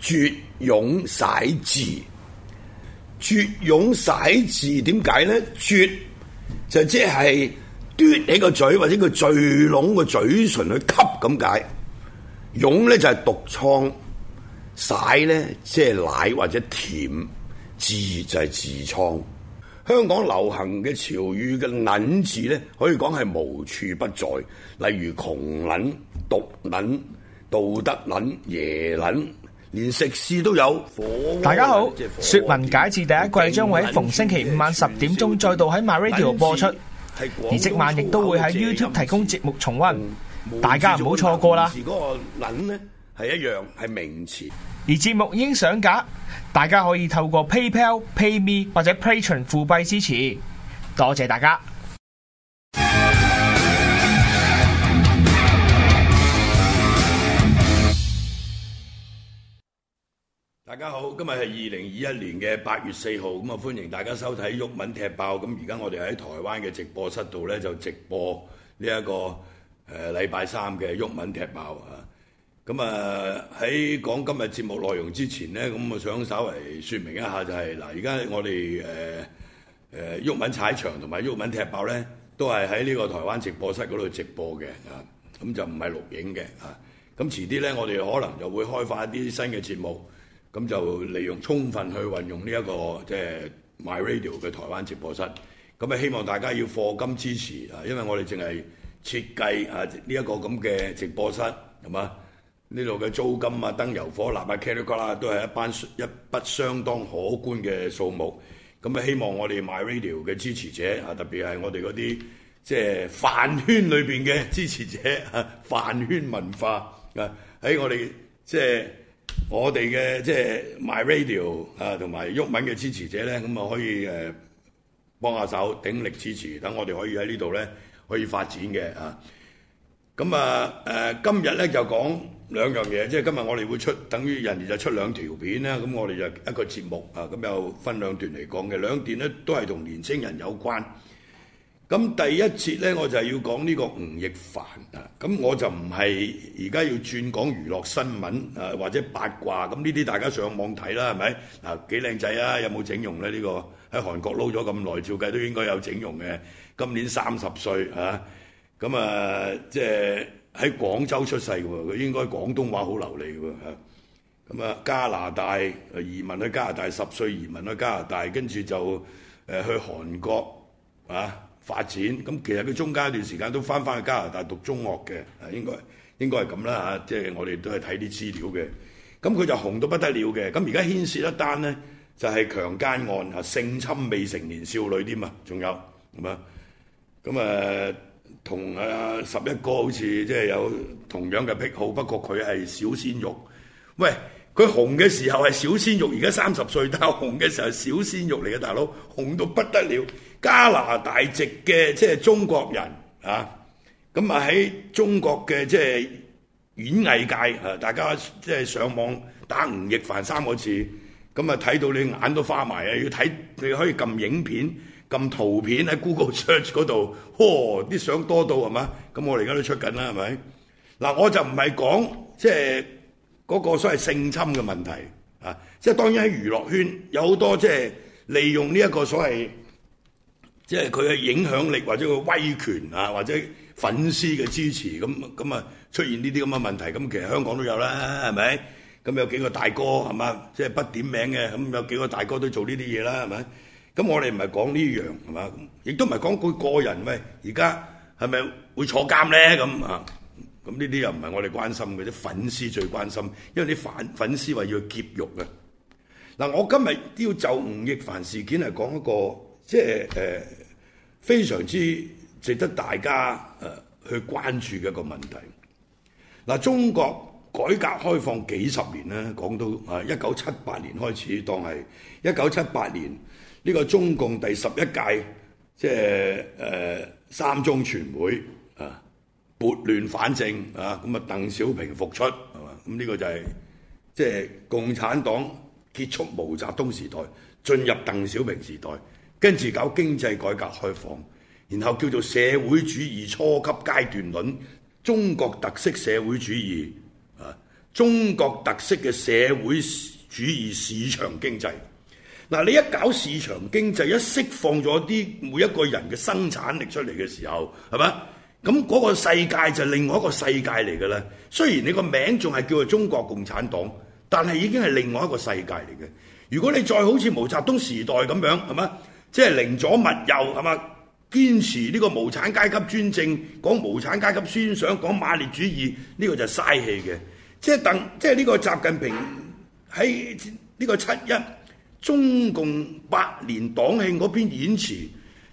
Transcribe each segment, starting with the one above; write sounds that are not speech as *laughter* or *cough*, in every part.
絕涌使字，絕涌使字點解呢？絕就即係嘟起個嘴或者個聚攏個嘴唇去吸咁解。涌呢，就係、是、毒瘡，使呢，即係奶或者甜，痔就係痔瘡。香港流行嘅潮語嘅撚字咧，可以講係無處不在。例如窮撚、毒撚、道德撚、耶撚。連食肆都有。大家好，《說文解字》第一季將會逢星期五晚十點鐘再度喺 MyRadio 播出，而即晚亦都會喺 YouTube 提供節目重温。大家唔好錯過啦！而節目已經上架，大家可以透過 PayPal、PayMe 或者 Patreon 付費支持，多謝大家。大家好，今日係二零二一年嘅八月四號，咁啊，歡迎大家收睇《毓民踢爆》。咁而家我哋喺台灣嘅直播室度呢，就直播呢一個誒禮拜三嘅《毓民踢爆》啊。咁啊喺講今日節目內容之前呢，咁我想稍微說明一下，就係嗱，而家我哋誒誒《毓民踩場》同埋《毓民踢爆》呢，都係喺呢個台灣直播室嗰度直播嘅啊。咁、嗯、就唔係錄影嘅啊。咁遲啲呢，我哋可能就會開發一啲新嘅節目。咁就利用充分去運用呢一個即係 MyRadio 嘅台灣直播室，咁啊希望大家要課金支持啊，因為我哋淨係設計啊呢一個咁嘅直播室，係嘛？呢度嘅租金啊、燈油火蠟啊、卡哩卡啦都係一班一筆相當可觀嘅數目。咁啊，希望我哋 MyRadio 嘅支持者啊，特別係我哋嗰啲即係飯圈裏面嘅支持者啊， *laughs* 飯圈文化啊，喺我哋即係。我哋嘅即係 MyRadio 啊，同埋毓民嘅支持者呢，咁啊可以誒幫下手，鼎力支持，等我哋可以喺呢度呢，可以發展嘅啊。咁啊誒，今日呢就講兩樣嘢，即係今日我哋會出，等於人哋就出兩條片啦。咁我哋就一個節目啊，咁又分兩段嚟講嘅，兩段呢都係同年青人有關。咁第一節咧，我就係要講呢個吳亦凡啊。咁我就唔係而家要轉講娛樂新聞啊，或者八卦。咁呢啲大家上網睇啦，係咪？幾靚仔啊？有冇整容咧？呢個喺韓國撈咗咁耐，照計都應該有整容嘅。今年三十歲咁啊，即係喺廣州出世嘅喎，佢應該廣東話好流利嘅喎，咁啊，加拿大移民去加拿大十歲移民去加拿大，跟住就誒去韓國啊。發展咁，其實佢中間一段時間都翻返去加拿大讀中學嘅，啊應該應該係咁啦嚇，即係我哋都係睇啲資料嘅。咁佢就紅到不得了嘅，咁而家牽涉一單呢，就係強姦案啊，性侵未成年少女添啊，仲有咁嘛？咁誒同誒十一哥好似即係有同樣嘅癖好，不過佢係小鮮肉，喂。佢紅嘅時候係小鮮肉，而家三十歲，但係紅嘅時候係小鮮肉嚟嘅，大佬紅到不得了。加拿大籍嘅即係中國人啊，咁啊喺中國嘅即係演藝界啊，大家即係、就是、上網打吳亦凡三個字，咁啊睇到你眼都花埋啊！要睇你可以撳影片、撳圖片喺 Google Search 嗰度，呵啲相多到係嘛？咁我哋而家都在出緊啦，係咪？嗱、啊，我就唔係講即係。就是嗰個所謂性侵嘅問題啊，即係當然喺娛樂圈有好多即係利用呢一個所謂，即係佢嘅影響力或者佢威權啊，或者粉絲嘅支持，咁咁啊出現呢啲咁嘅問題，咁其實香港都有啦，係咪？咁有幾個大哥係嘛，即係不點名嘅，咁有幾個大哥都做呢啲嘢啦，係咪？咁我哋唔係講呢樣係嘛，亦都唔係講佢個人喂，而家係咪會坐監咧咁啊？咁呢啲又唔係我哋關心嘅，啲粉絲最關心，因為啲粉粉絲話要去劫獄啊！嗱，我今日要就吳亦凡事件嚟講一個，即係誒非常之值得大家誒、呃、去關注嘅一個問題。嗱、呃，中國改革開放幾十年咧，講到啊，一九七八年開始，當係一九七八年呢、這個中共第十一屆即係誒三中全會。撥亂反正啊，咁啊，鄧小平復出，係嘛？咁呢個就係即係共產黨結束毛澤東時代，進入鄧小平時代，跟住搞經濟改革開放，然後叫做社會主義初級階段論，中國特色社會主義啊，中國特色嘅社會主義市場經濟。嗱，那你一搞市場經濟，一釋放咗啲每一個人嘅生產力出嚟嘅時候，係嘛？咁、那、嗰個世界就另外一個世界嚟㗎啦。雖然你個名仲係叫做中國共產黨，但係已經係另外一個世界嚟嘅。如果你再好似毛澤東時代咁樣，係嘛？即、就、係、是、寧左勿右，係嘛？堅持呢個無產階級專政，講無產階級思想，講馬列主義，呢、這個就嘥氣嘅。即係鄧，即係呢個習近平喺呢個七一中共百年黨慶嗰篇演辭。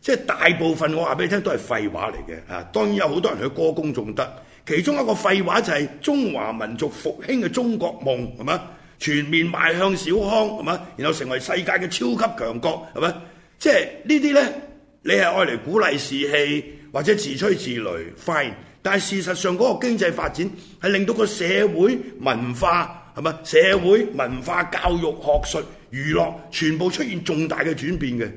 即係大部分，我話俾你聽都係廢話嚟嘅嚇。當然有好多人去歌功頌德，其中一個廢話就係中華民族復興嘅中國夢係嘛？全面邁向小康係嘛？然後成為世界嘅超級強國係嘛？即係呢啲呢，你係愛嚟鼓勵士氣或者自吹自擂 Fine，但係事實上嗰個經濟發展係令到個社會文化係嘛，社會文化教育學術娛樂全部出現重大嘅轉變嘅。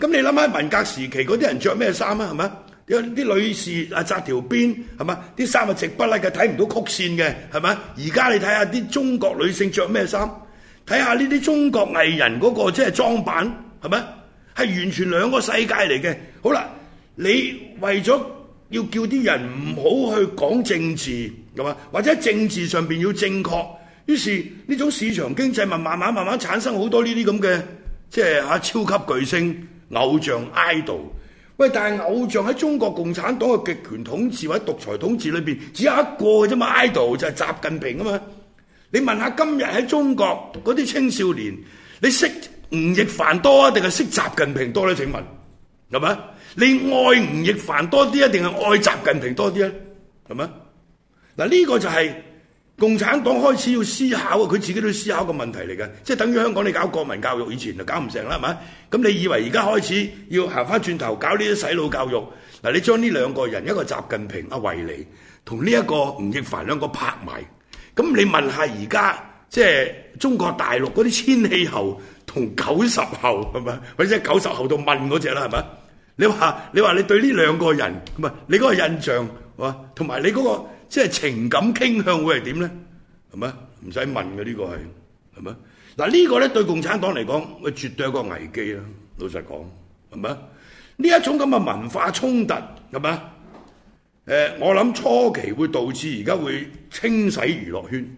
咁你諗下文革時期嗰啲人着咩衫啊？係咪？啲女士啊紮條辮係嘛？啲衫啊直不甩嘅，睇唔到曲線嘅係咪？而家你睇下啲中國女性着咩衫？睇下呢啲中國藝人嗰個即係裝扮係咪？係完全兩個世界嚟嘅。好啦，你為咗要叫啲人唔好去講政治，係嘛？或者政治上面要正確，於是呢種市場經濟咪慢慢慢慢產生好多呢啲咁嘅即係啊超級巨星。偶像 idol，喂！但係偶像喺中國共產黨嘅極權統治或者獨裁統治裏邊，只有一個嘅啫嘛！idol 就係習近平啊嘛！你問下今日喺中國嗰啲青少年，你識吳亦凡多定係識習近平多咧？請問係咪啊？你愛吳亦凡多啲啊，定係愛習近平多啲啊？係咪啊？嗱呢個就係。共產黨開始要思考啊！佢自己都思考個問題嚟嘅，即係等於香港你搞國民教育以前就搞唔成啦，係咪？咁你以為而家開始要行翻轉頭搞呢啲洗腦教育？嗱，你將呢兩個人一個習近平、阿維尼同呢一個吳亦凡兩個拍埋，咁你問下而家即係中國大陸嗰啲千禧後同九十後係咪？或者九十後度問嗰隻啦，係咪？你話你話你對呢兩個人唔係你嗰個印象啊？同埋你嗰、嗰個。即係情感傾向會係點呢？係咪唔使問嘅呢、呢個係係咪？嗱呢個呢對共產黨嚟講，佢絕對係一個危機啦！老實講係咪？呢一種咁嘅文化衝突係咪？我諗初期會導致而家會清洗娛樂圈，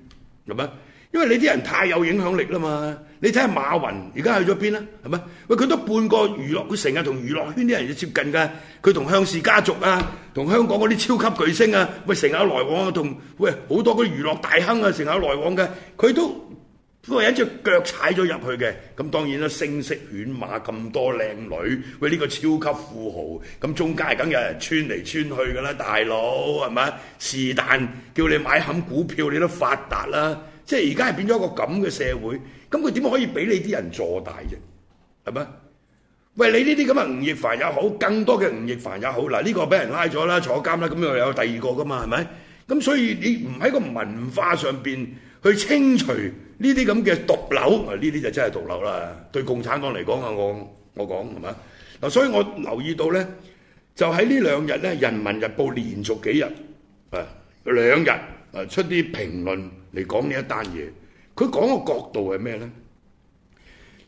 係咪？因為你啲人太有影響力啦嘛，你睇下馬雲而家去咗邊啦，係咪？喂，佢都半個娛樂，佢成日同娛樂圈啲人就接近㗎。佢同向氏家族啊，同香港嗰啲超級巨星啊，喂，成日來往啊，同喂好多嗰啲娛樂大亨啊，成日來往嘅，佢都都係一隻腳踩咗入去嘅。咁當然啦，聲色犬馬咁多靚女，喂呢個超級富豪，咁中間係梗有人穿嚟穿去㗎啦，大佬係咪？是但叫你買冚股票，你都發達啦。即係而家係變咗一個咁嘅社會，咁佢點可以俾你啲人做大啫？係咪？喂，你呢啲咁嘅吳亦凡也好，更多嘅吳亦凡也好，嗱、這、呢個俾人拉咗啦，坐監啦，咁又有第二個噶嘛？係咪？咁所以你唔喺個文化上邊去清除呢啲咁嘅毒瘤，啊呢啲就真係毒瘤啦！對共產黨嚟講啊，我我講係咪？嗱，所以我留意到咧，就喺呢兩日咧，《人民日報》連續幾日啊兩日。出啲評論嚟講呢一單嘢，佢講個角度係咩呢？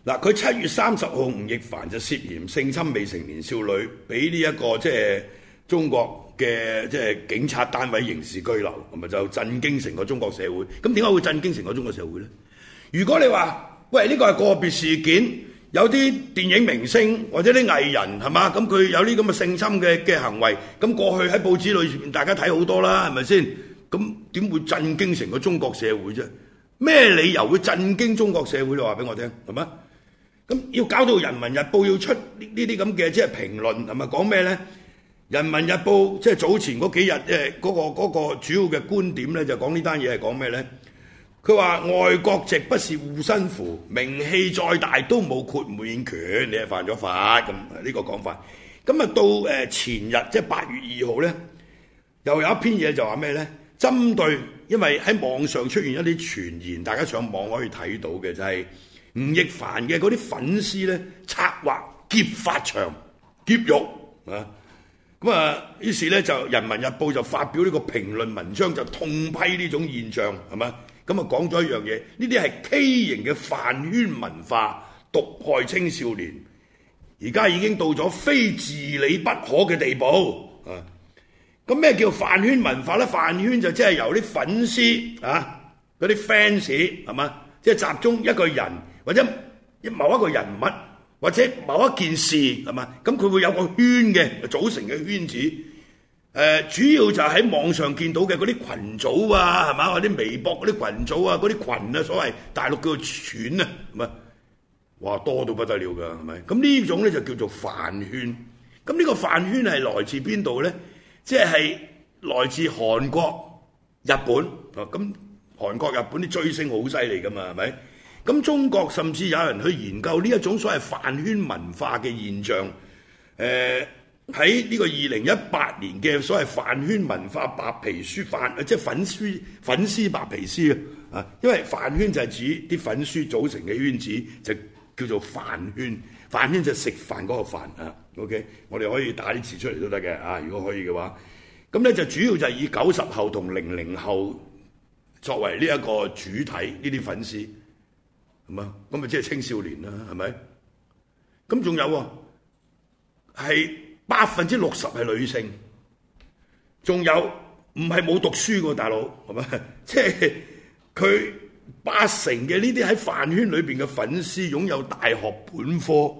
嗱，佢七月三十號，吳亦凡就涉嫌性侵未成年少女，俾呢一個即係、呢個、中國嘅即係警察單位刑事拘留，咁咪就震驚成個中國社會。咁點解會震驚成個中國社會呢？如果你話喂呢、呢個係個別事件，有啲電影明星或者啲藝人係嘛，咁佢有啲咁嘅性侵嘅嘅行為，咁過去喺報紙裏面大家睇好多啦，係咪先？咁點會震驚成個中國社會啫？咩理由會震驚中國社會咧？話俾我聽係咪？咁要搞到《人民日報》要出呢呢啲咁嘅即係評論，係咪講咩呢？《人民日報》即係早前嗰幾日誒嗰個嗰個主要嘅觀點呢，就講呢單嘢係講咩呢？佢話外國籍不是護身符，名氣再大都冇豁免權，你係犯咗法咁呢個講法。咁啊到誒前日即係八月二號呢，又有一篇嘢就話咩呢？針對，因為喺網上出現一啲傳言，大家上網可以睇到嘅就係吳亦凡嘅嗰啲粉絲呢，策劃劫法場、劫獄啊！咁啊，於是呢，就《人民日報》就發表呢個評論文章，就痛批呢種現象，係咪？咁啊，講咗一樣嘢，呢啲係畸形嘅飯圈文化毒害青少年，而家已經到咗非治理不可嘅地步啊！咁咩叫飯圈文化呢？飯圈就即係由啲粉絲啊，嗰啲 fans 係嘛，即係集中一個人或者某一個人物或者某一件事係嘛，咁佢會有個圈嘅組成嘅圈子。呃，主要就喺網上見到嘅嗰啲群組啊，係嘛，或者微博嗰啲群組啊，嗰啲群啊，所謂大陸叫做犬啊，係嘛，哇多到不得了㗎，係咪？咁呢種呢就叫做飯圈。咁呢個飯圈係來自邊度呢？即係來自韓國、日本，啊咁韓國、日本啲追星好犀利噶嘛，係咪？咁中國甚至有人去研究呢一種所謂飯圈文化嘅現象。誒喺呢個二零一八年嘅所謂飯圈文化白皮書，飯，即係粉絲粉絲白皮書啊，啊，因為飯圈就係指啲粉絲組成嘅圈子就。叫做飯圈，飯圈就係食飯嗰個飯啊。OK，我哋可以打啲詞出嚟都得嘅啊。如果可以嘅話，咁咧就主要就係以九十後同零零後作為呢一個主體，呢啲粉絲係嘛？咁啊即係青少年啦，係咪？咁仲有喎，係百分之六十係女性，仲有唔係冇讀書嘅大佬，係咪？即係佢。八成嘅呢啲喺飯圈裏邊嘅粉絲擁有大學本科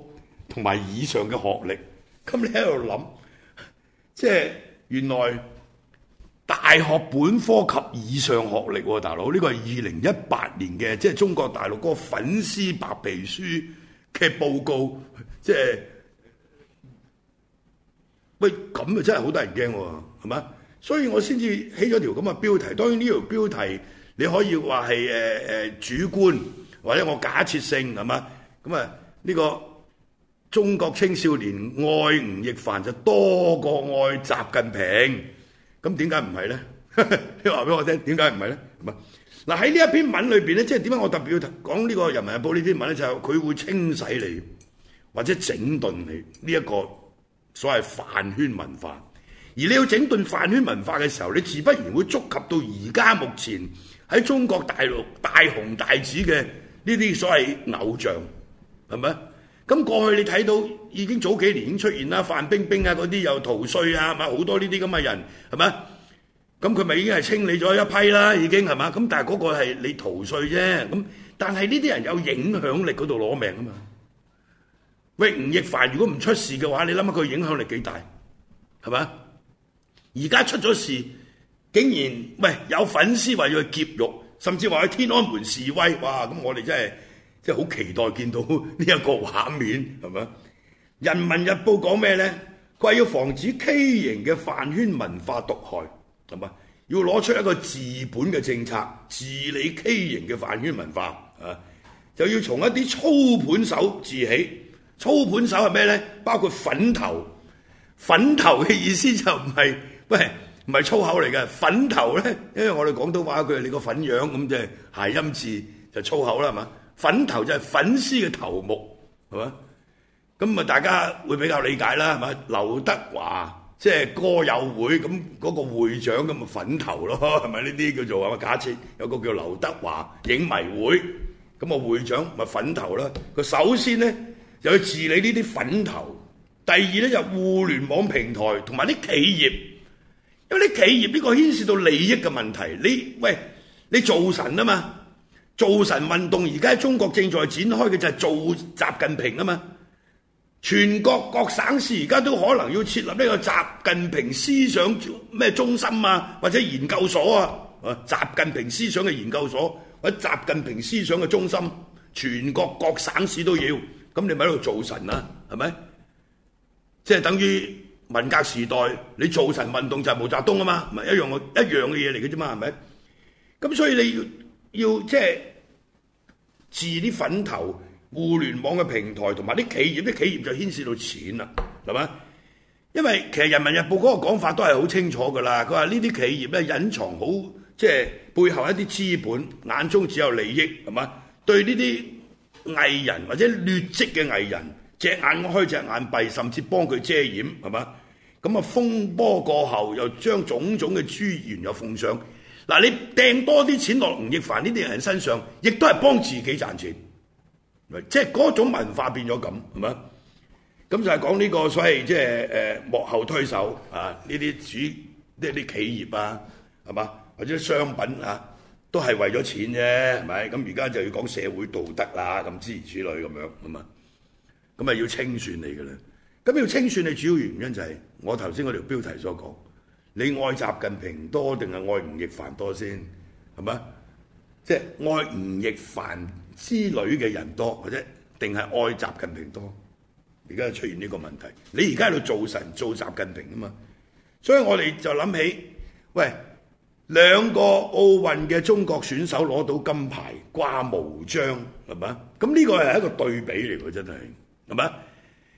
同埋以上嘅學歷，咁你喺度諗，即係原來大學本科及以上學歷，啊，大佬呢、呢個係二零一八年嘅即係中國大陸個粉絲白皮書嘅報告，即係喂咁啊真係好得人驚喎，係咪？所以我先至起咗條咁嘅標題，當然呢條標題。你可以話係誒誒主觀，或者我假設性係嘛？咁啊呢個中國青少年愛吳亦凡就多過愛習近平，咁點解唔係咧？ *laughs* 你話俾我聽，點解唔係咧？係嘛？嗱喺呢一篇文裏邊咧，即係點解我特別要講呢、這個《人民日報》呢篇文咧？就係、是、佢會清洗你，或者整頓你呢一個所謂飯圈文化。而你要整頓飯圈文化嘅時候，你自不然會觸及到而家目前。喺中國大陸大紅大紫嘅呢啲所謂偶像係咪？咁過去你睇到已經早幾年已經出現啦，范冰冰啊嗰啲又逃稅啊，係咪好多呢啲咁嘅人係咪？咁佢咪已經係清理咗一批啦，已經係咪？咁但係嗰個係你逃稅啫，咁但係呢啲人有影響力嗰度攞命啊嘛。喂，吳亦凡如果唔出事嘅話，你諗下佢影響力幾大係咪？而家出咗事。竟然喂有粉絲話要去劫獄，甚至話去天安門示威，哇！咁我哋真係真係好期待見到呢一個畫面，係咪？《人民日報》講咩呢？佢要防止畸形嘅飯圈文化毒害，係咪？要攞出一個治本嘅政策，治理畸形嘅飯圈文化啊！就要從一啲操盤手治起，操盤手係咩呢？包括粉頭，粉頭嘅意思就唔係喂。唔係粗口嚟嘅，粉頭呢，因為我哋廣東話一句你個粉樣咁即係諧音字就粗口啦，係嘛？粉頭就係粉絲嘅頭目，係嘛？咁啊，大家會比較理解啦，係嘛？劉德華即係、就是、歌友會咁嗰個會長咁咪粉頭咯，係咪？呢啲叫做嘛，假設有個叫劉德華影迷會，咁啊會長咪粉頭啦。佢首先呢，就要治理呢啲粉頭，第二呢，就係、互聯網平台同埋啲企業。因為啲企業呢個牽涉到利益嘅問題，你喂，你造神啊嘛，造神運動而家中國正在展開嘅就係造習近平啊嘛，全國各省市而家都可能要設立呢個習近平思想咩中心啊，或者研究所啊，啊習近平思想嘅研究所或者習近平思想嘅中心，全國各省市都要，咁你咪喺度造神啊，係咪？即係、就是、等於。文革時代，你造神運動就係毛澤東啊嘛，唔係一樣一樣嘅嘢嚟嘅啫嘛，係咪？咁所以你要要即係自啲粉頭，互聯網嘅平台同埋啲企業，啲企業就牽涉到錢啦，係嘛？因為其實人民日報嗰個講法都係好清楚噶啦，佢話呢啲企業咧隱藏好即係背後一啲資本，眼中只有利益，係嘛？對呢啲藝人或者劣跡嘅藝人，隻眼開隻眼閉，甚至幫佢遮掩，係嘛？咁啊，風波過後又將種種嘅資源又奉上。嗱，你掟多啲錢落吳亦凡呢啲人身上，亦都係幫自己賺錢。即係嗰種文化變咗咁，係咪？咁就係講呢個所謂即係誒幕後推手啊，呢啲主呢啲企業啊，係嘛，或者商品啊，都係為咗錢啫，係咪？咁而家就要講社會道德啦，咁諸如此類咁樣係嘛？咁啊，就要清算你嘅咧。咁要清算嘅主要原因就係我頭先嗰條標題所講，你愛習近平多定係愛吳亦凡多先，係咪啊？即係愛吳亦凡之類嘅人多，或者定係愛習近平多？而家出現呢個問題，你而家喺度做神做習近平啊嘛？所以我哋就諗起，喂，兩個奧運嘅中國選手攞到金牌掛毛章係咪啊？咁呢個係一個對比嚟嘅，真係係咪啊？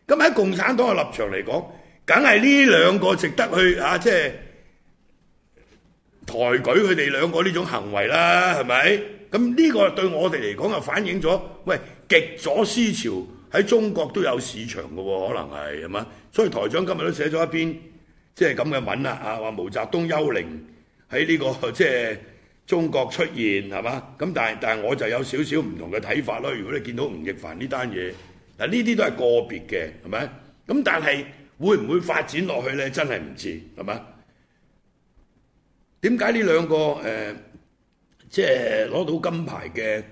咁喺共產黨嘅立場嚟講，梗係呢兩個值得去啊！即係抬舉佢哋兩個呢種行為啦，係咪？咁呢個對我哋嚟講就反映咗，喂，極左思潮喺中國都有市場嘅喎，可能係係嘛？所以台長今日都寫咗一篇即係咁嘅文啦，啊話毛澤東幽靈喺呢個即係中國出現係嘛？咁但係但係我就有少少唔同嘅睇法啦。如果你見到吳亦凡呢單嘢，嗱呢啲都係個別嘅，係咪？咁但係會唔會發展落去咧？真係唔知，係咪？點解呢兩個誒，即係攞到金牌嘅誒、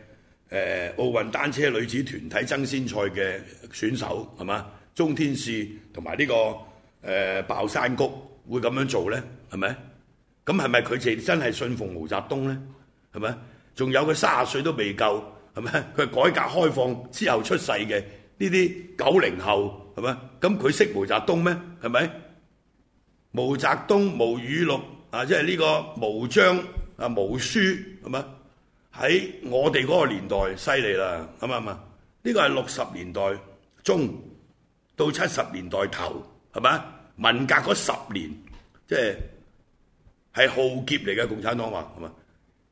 呃、奧運單車女子團體爭先賽嘅選手，係嘛？鍾天使同埋呢個誒、呃、鮑珊菊會咁樣做咧，係咪？咁係咪佢哋真係信奉毛澤東咧？係咪？仲有佢卅歲都未夠，係咪？佢係改革開放之後出世嘅。呢啲九零後係咪？咁佢識毛澤東咩？係咪？毛澤東毛語錄啊，即係呢個毛章啊，毛書係咪？喺我哋嗰個年代犀利啦，係咪嘛？呢個係六十年代中到七十年代頭係咪？文革嗰十年即係係浩劫嚟嘅，共產黨話係嘛？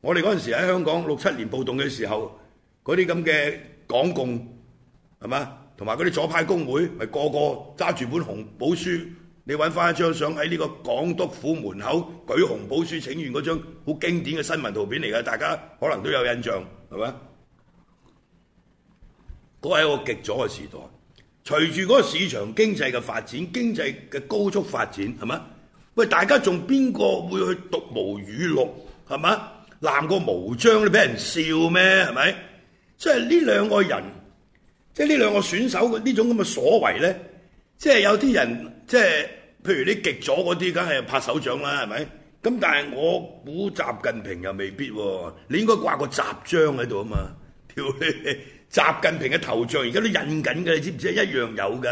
我哋嗰陣時喺香港六七年暴動嘅時候，嗰啲咁嘅港共。係嘛？同埋嗰啲左派工會，咪個個揸住本紅寶書，你搵翻一張相喺呢個港督府門口舉紅寶書請願嗰張好經典嘅新聞圖片嚟嘅，大家可能都有印象，係咪？嗰係一個極左嘅時代。隨住嗰個市場經濟嘅發展，經濟嘅高速發展，係嘛？喂，大家仲邊個會去讀毛語錄？係嘛？濫過無章，你俾人笑咩？係咪？即係呢兩個人。即係呢兩個選手嘅呢種咁嘅所為呢，即係有啲人即係譬如你極左嗰啲，梗係拍手掌啦，係咪？咁但係我估習近平又未必喎，你應該掛個習章喺度啊嘛，習近平嘅頭像而家都印緊嘅，你知唔知一樣有嘅，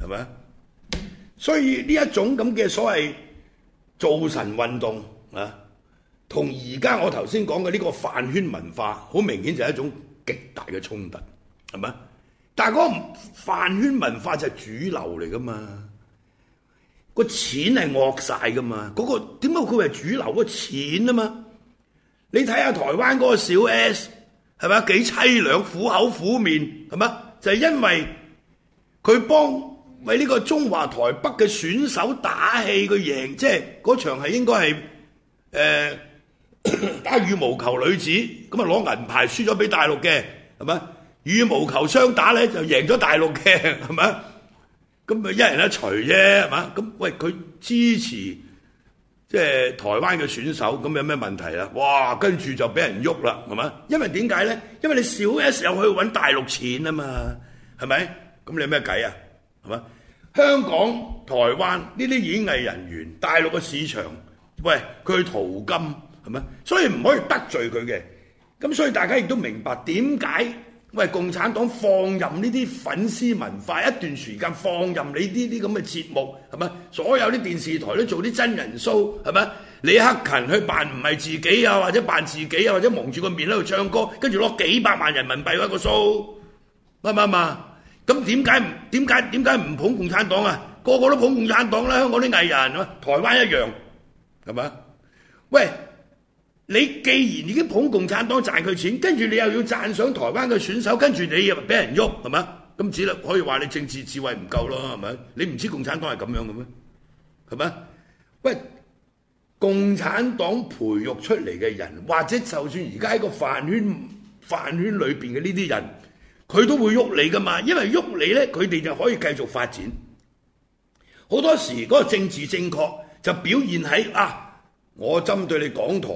係咪？所以呢一種咁嘅所謂造神運動啊，同而家我頭先講嘅呢個飯圈文化，好明顯就係一種極大嘅衝突，係咪？但係嗰個飯圈文化就係主流嚟㗎嘛，個錢係惡晒㗎嘛，嗰、個點解佢係主流個錢啊嘛？你睇下台灣嗰個小 S 係咪幾淒涼，苦口苦面，係咪？就係、是、因為佢幫為呢個中華台北嘅選手打氣，佢贏即係嗰場係應該係、呃、 *coughs* 打羽毛球女子咁啊攞銀牌，輸咗俾大陸嘅係咪？羽毛球雙打咧就贏咗大陸嘅，係咪？咁咪一人一除啫係嘛，咁喂佢支持即係、就是、台灣嘅選手咁有咩問題啦？哇，跟住就俾人喐啦係嘛，因為點解咧？因為你小 S 又去揾大陸錢啊嘛，係咪？咁你有咩計啊？係嘛，香港、台灣呢啲演藝人員，大陸嘅市場，喂佢去淘金係咪？所以唔可以得罪佢嘅，咁所以大家亦都明白點解。喂！共產黨放任呢啲粉絲文化一段時間，放任你呢啲咁嘅節目，係咪？所有啲電視台都做啲真人 show，係咪？李克勤去扮唔係自己啊，或者扮自己啊，或者蒙住個面喺度唱歌，跟住攞幾百萬人民幣嗰一個 show，乜乜乜？咁點解唔點解點解唔捧共產黨啊？個個都捧共產黨啦！香港啲藝人啊，台灣一樣，係咪？喂！你既然已經捧共產黨賺佢錢，跟住你又要贊賞台灣嘅選手，跟住你又俾人喐，係咪？咁只能可以話你政治智慧唔夠咯，係咪？你唔知共產黨係咁樣嘅咩？係咪？喂，共產黨培育出嚟嘅人，或者就算而家喺個飯圈飯圈裏邊嘅呢啲人，佢都會喐你噶嘛？因為喐你呢，佢哋就可以繼續發展。好多時嗰個政治正確就表現喺啊，我針對你港台。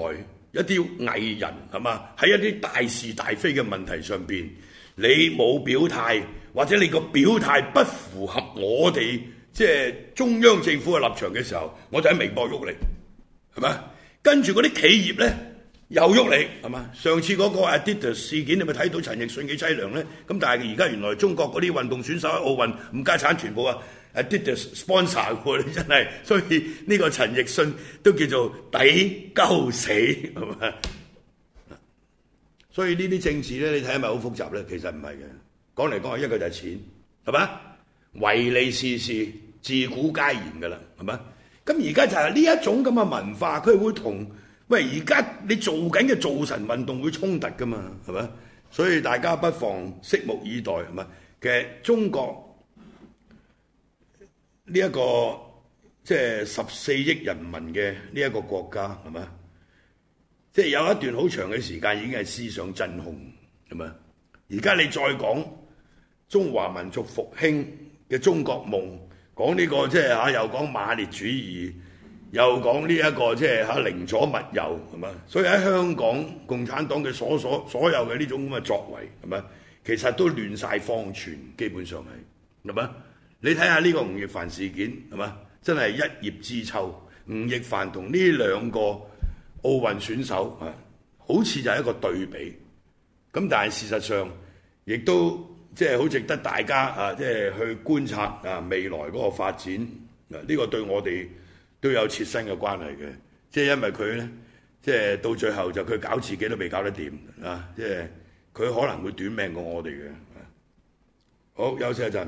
一啲藝人係嘛，喺一啲大是大非嘅問題上邊，你冇表態，或者你個表態不符合我哋即係中央政府嘅立場嘅時候，我就喺微博喐你係嘛，跟住嗰啲企業咧又喐你係嘛，上次嗰個 Adidas 事件你咪睇到陳奕迅幾淒涼咧，咁但係而家原來中國嗰啲運動選手喺奧運唔加產全部啊！啲 sponsor 真係，所以呢個陳奕迅都叫做抵鳩死，係嘛？所以呢啲政治咧，你睇係咪好複雜咧？其實唔係嘅，講嚟講去一個就係錢，係嘛？唯利是事，事，自古皆然㗎啦，係嘛？咁而家就係呢一種咁嘅文化，佢會同喂而家你做緊嘅造神運動會衝突㗎嘛，係嘛？所以大家不妨拭目以待，係咪？其實中國。呢、這、一個即係十四億人民嘅呢一個國家，係咪啊？即係有一段好長嘅時間已經係思想真空，係啊？而家你再講中華民族復興嘅中國夢，講呢、這個即係嚇，又講馬列主義，又講呢一個即係嚇寧左勿右，係咪啊？所以喺香港，共產黨嘅所所所有嘅呢種咁嘅作為，係咪啊？其實都亂晒方寸，基本上係，係咪啊？你睇下呢個吳亦凡事件係嘛？真係一葉知秋。吳亦凡同呢兩個奧運選手啊，好似就係一個對比。咁但係事實上，亦都即係好值得大家啊，即係去觀察啊未來嗰個發展。嗱，呢個對我哋都有切身嘅關係嘅。即係因為佢咧，即係到最後就佢搞自己都未搞得掂啊！即係佢可能會短命過我哋嘅。好，休息一陣。